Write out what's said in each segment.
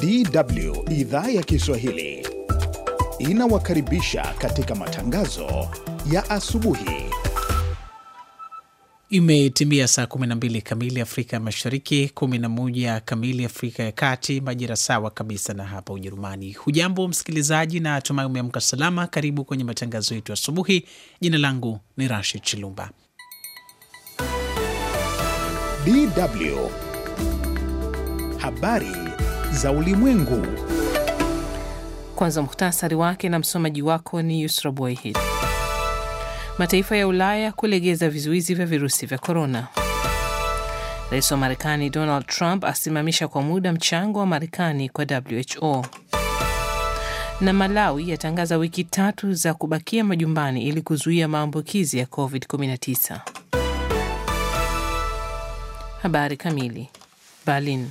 DW idhaa ya Kiswahili inawakaribisha katika matangazo ya asubuhi. Imetimia saa 12 kamili Afrika ya Mashariki, 11 kamili Afrika ya Kati, majira sawa kabisa na hapa Ujerumani. Hujambo msikilizaji, na tumai umeamka salama. Karibu kwenye matangazo yetu asubuhi. Jina langu ni Rashid Chilumba. DW habari za ulimwengu. Kwanza muhtasari wake na msomaji wako ni Yusra Boyhid. Mataifa ya Ulaya kulegeza vizuizi vya virusi vya korona. Rais wa Marekani Donald Trump asimamisha kwa muda mchango wa Marekani kwa WHO. Na Malawi yatangaza wiki tatu za kubakia majumbani ili kuzuia maambukizi ya COVID-19. Habari kamili. Berlin.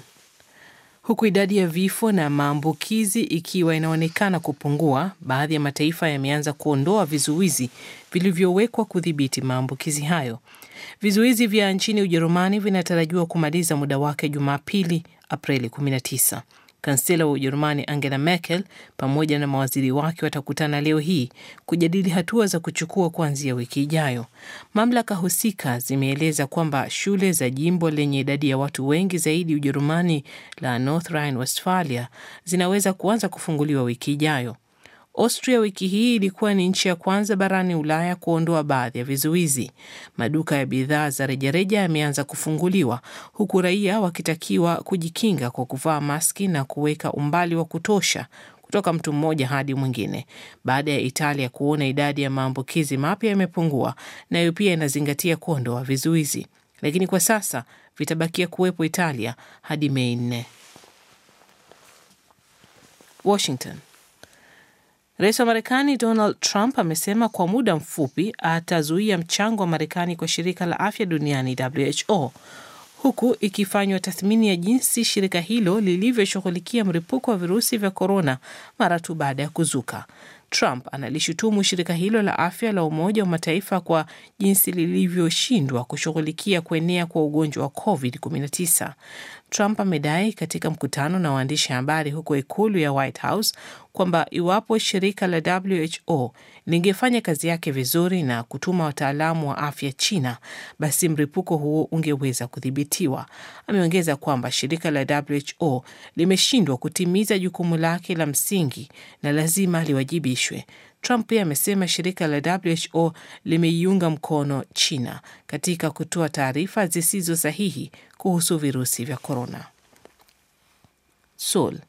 Huku idadi ya vifo na maambukizi ikiwa inaonekana kupungua, baadhi ya mataifa yameanza kuondoa vizuizi vilivyowekwa kudhibiti maambukizi hayo. Vizuizi vya nchini Ujerumani vinatarajiwa kumaliza muda wake Jumapili, Aprili 19. Kansela wa Ujerumani Angela Merkel pamoja na mawaziri wake watakutana leo hii kujadili hatua za kuchukua kuanzia wiki ijayo. Mamlaka husika zimeeleza kwamba shule za jimbo lenye idadi ya watu wengi zaidi Ujerumani la North Rhine-Westphalia zinaweza kuanza kufunguliwa wiki ijayo. Austria wiki hii ilikuwa ni nchi ya kwanza barani Ulaya kuondoa baadhi ya vizuizi. Maduka ya bidhaa za rejareja yameanza kufunguliwa huku raia wakitakiwa kujikinga kwa kuvaa maski na kuweka umbali wa kutosha kutoka mtu mmoja hadi mwingine, baada ya Italia kuona idadi ya maambukizi mapya yamepungua, nayo pia inazingatia kuondoa vizuizi, lakini kwa sasa vitabakia kuwepo Italia hadi Mei nne. Washington. Rais wa Marekani Donald Trump amesema kwa muda mfupi atazuia mchango wa Marekani kwa shirika la afya duniani WHO, huku ikifanywa tathmini ya jinsi shirika hilo lilivyoshughulikia mlipuko wa virusi vya korona mara tu baada ya kuzuka. Trump analishutumu shirika hilo la afya la Umoja wa Mataifa kwa jinsi lilivyoshindwa kushughulikia kuenea kwa ugonjwa wa COVID-19. Trump amedai katika mkutano na waandishi habari huko ikulu ya White House kwamba iwapo shirika la WHO lingefanya kazi yake vizuri na kutuma wataalamu wa afya China, basi mlipuko huo ungeweza kudhibitiwa. Ameongeza kwamba shirika la WHO limeshindwa kutimiza jukumu lake la msingi na lazima liwajibishwe. Trump pia amesema shirika la WHO limeiunga mkono China katika kutoa taarifa zisizo sahihi kuhusu virusi vya korona. Seoul.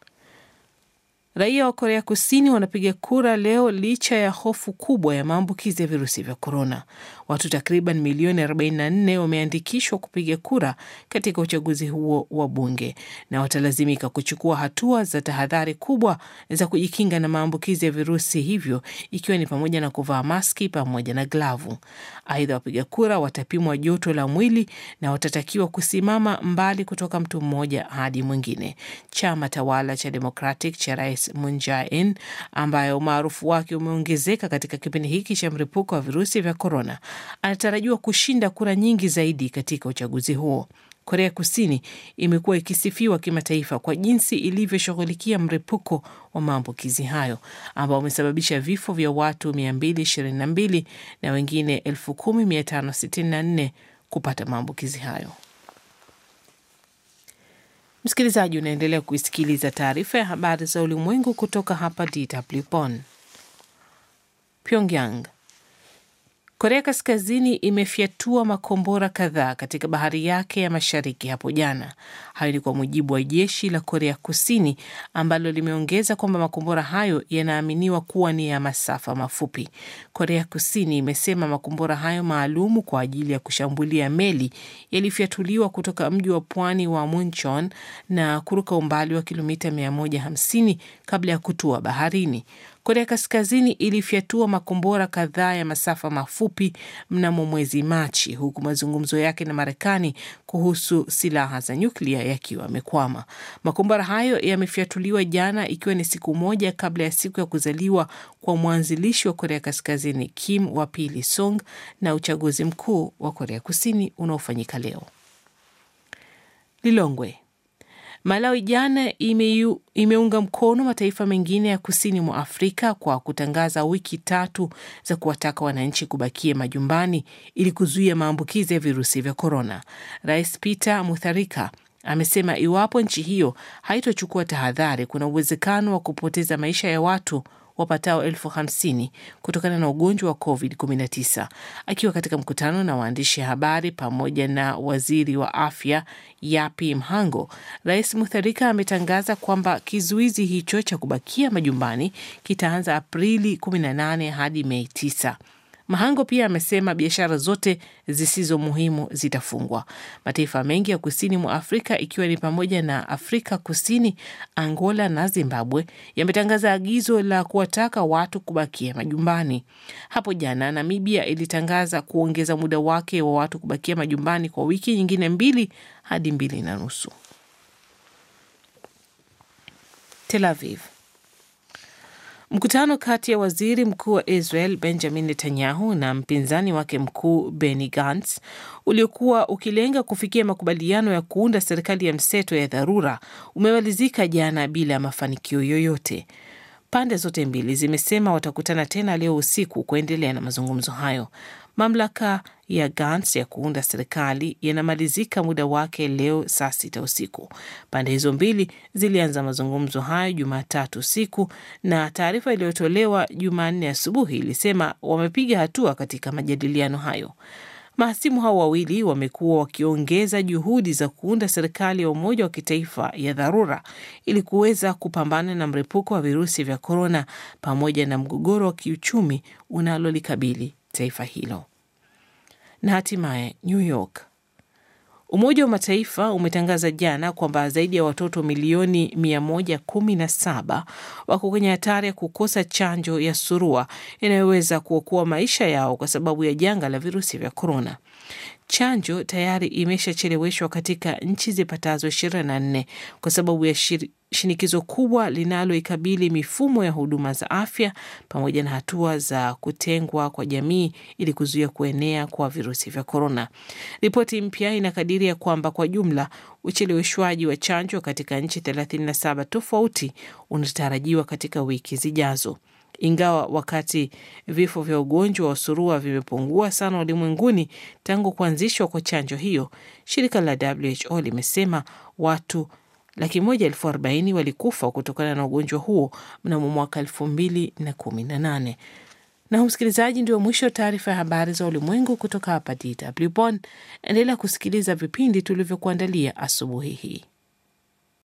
Raia wa Korea Kusini wanapiga kura leo licha ya hofu kubwa ya maambukizi ya virusi vya korona. Watu takriban milioni 44 wameandikishwa kupiga kura katika uchaguzi huo wa bunge na watalazimika kuchukua hatua za tahadhari kubwa za kujikinga na maambukizi ya virusi hivyo, ikiwa ni pamoja na kuvaa maski pamoja na glavu. Aidha, wapiga kura watapimwa joto la mwili na watatakiwa kusimama mbali kutoka mtu mmoja hadi mwingine. Chama tawala cha Democratic cha rais Rais Moon Jae-in ambaye umaarufu wake umeongezeka katika kipindi hiki cha mripuko wa virusi vya korona, anatarajiwa kushinda kura nyingi zaidi katika uchaguzi huo. Korea Kusini imekuwa ikisifiwa kimataifa kwa jinsi ilivyoshughulikia mripuko wa maambukizi hayo ambao umesababisha vifo vya watu 222 na wengine 10564 kupata maambukizi hayo. Msikilizaji, unaendelea kuisikiliza taarifa ya habari za ulimwengu kutoka hapa DW Bonn. Pyongyang Korea Kaskazini imefyatua makombora kadhaa katika bahari yake ya mashariki hapo jana. Hayo ni kwa mujibu wa jeshi la Korea Kusini ambalo limeongeza kwamba makombora hayo yanaaminiwa kuwa ni ya masafa mafupi. Korea Kusini imesema makombora hayo maalumu kwa ajili ya kushambulia meli yalifyatuliwa kutoka mji wa pwani wa munchon na kuruka umbali wa kilomita 150 kabla ya kutua baharini. Korea Kaskazini ilifyatua makombora kadhaa ya masafa mafupi mnamo mwezi Machi, huku mazungumzo yake na Marekani kuhusu silaha za nyuklia yakiwa yamekwama. Makombora hayo yamefyatuliwa jana, ikiwa ni siku moja kabla ya siku ya kuzaliwa kwa mwanzilishi wa Korea Kaskazini Kim wa Pili Song na uchaguzi mkuu wa Korea Kusini unaofanyika leo. Lilongwe Malawi jana imeyu, imeunga mkono mataifa mengine ya kusini mwa Afrika kwa kutangaza wiki tatu za kuwataka wananchi kubakia majumbani ili kuzuia maambukizi ya virusi vya korona. Rais Peter Mutharika amesema iwapo nchi hiyo haitochukua tahadhari, kuna uwezekano wa kupoteza maisha ya watu wapatao elfu hamsini kutokana na ugonjwa wa COVID-19. Akiwa katika mkutano na waandishi habari pamoja na waziri wa afya Yapi Mhango, Rais Mutharika ametangaza kwamba kizuizi hicho cha kubakia majumbani kitaanza Aprili 18 hadi Mei 9. Mahango pia amesema biashara zote zisizo muhimu zitafungwa. Mataifa mengi ya kusini mwa Afrika ikiwa ni pamoja na Afrika Kusini, Angola na Zimbabwe yametangaza agizo la kuwataka watu kubakia majumbani. Hapo jana, Namibia ilitangaza kuongeza muda wake wa watu kubakia majumbani kwa wiki nyingine mbili hadi mbili na nusu. Tel Aviv Mkutano kati ya waziri mkuu wa Israel Benjamin Netanyahu na mpinzani wake mkuu Benny Gantz uliokuwa ukilenga kufikia makubaliano ya kuunda serikali ya mseto ya dharura umemalizika jana bila ya mafanikio yoyote. Pande zote mbili zimesema watakutana tena leo usiku kuendelea na mazungumzo hayo. Mamlaka ya Gantz ya kuunda serikali yanamalizika muda wake leo saa sita usiku. Pande hizo mbili zilianza mazungumzo hayo Jumatatu usiku, na taarifa iliyotolewa Jumanne asubuhi ilisema wamepiga hatua katika majadiliano hayo. Mahasimu hao wawili wamekuwa wakiongeza juhudi za kuunda serikali ya umoja wa kitaifa ya dharura ili kuweza kupambana na mlipuko wa virusi vya korona pamoja na mgogoro wa kiuchumi unalolikabili taifa hilo na hatimaye New York. Umoja wa Mataifa umetangaza jana kwamba zaidi ya watoto milioni 117 wako kwenye hatari ya kukosa chanjo ya surua inayoweza kuokoa maisha yao kwa sababu ya janga la virusi vya korona. Chanjo tayari imeshacheleweshwa katika nchi zipatazo 24 kwa sababu ya shinikizo kubwa linaloikabili mifumo ya huduma za afya pamoja na hatua za kutengwa kwa jamii ili kuzuia kuenea kwa virusi vya korona. Ripoti mpya inakadiria kwamba kwa jumla ucheleweshwaji wa chanjo katika nchi 37 tofauti unatarajiwa katika wiki zijazo. Ingawa wakati vifo vya ugonjwa wa surua vimepungua sana ulimwenguni tangu kuanzishwa kwa chanjo hiyo, shirika la WHO limesema watu laki moja elfu arobaini walikufa kutokana na ugonjwa huo mnamo mwaka elfu mbili na kumi na nane. Na msikilizaji, ndio mwisho wa taarifa ya habari za ulimwengu kutoka hapa DW Bonn. Endelea kusikiliza vipindi tulivyokuandalia asubuhi hii.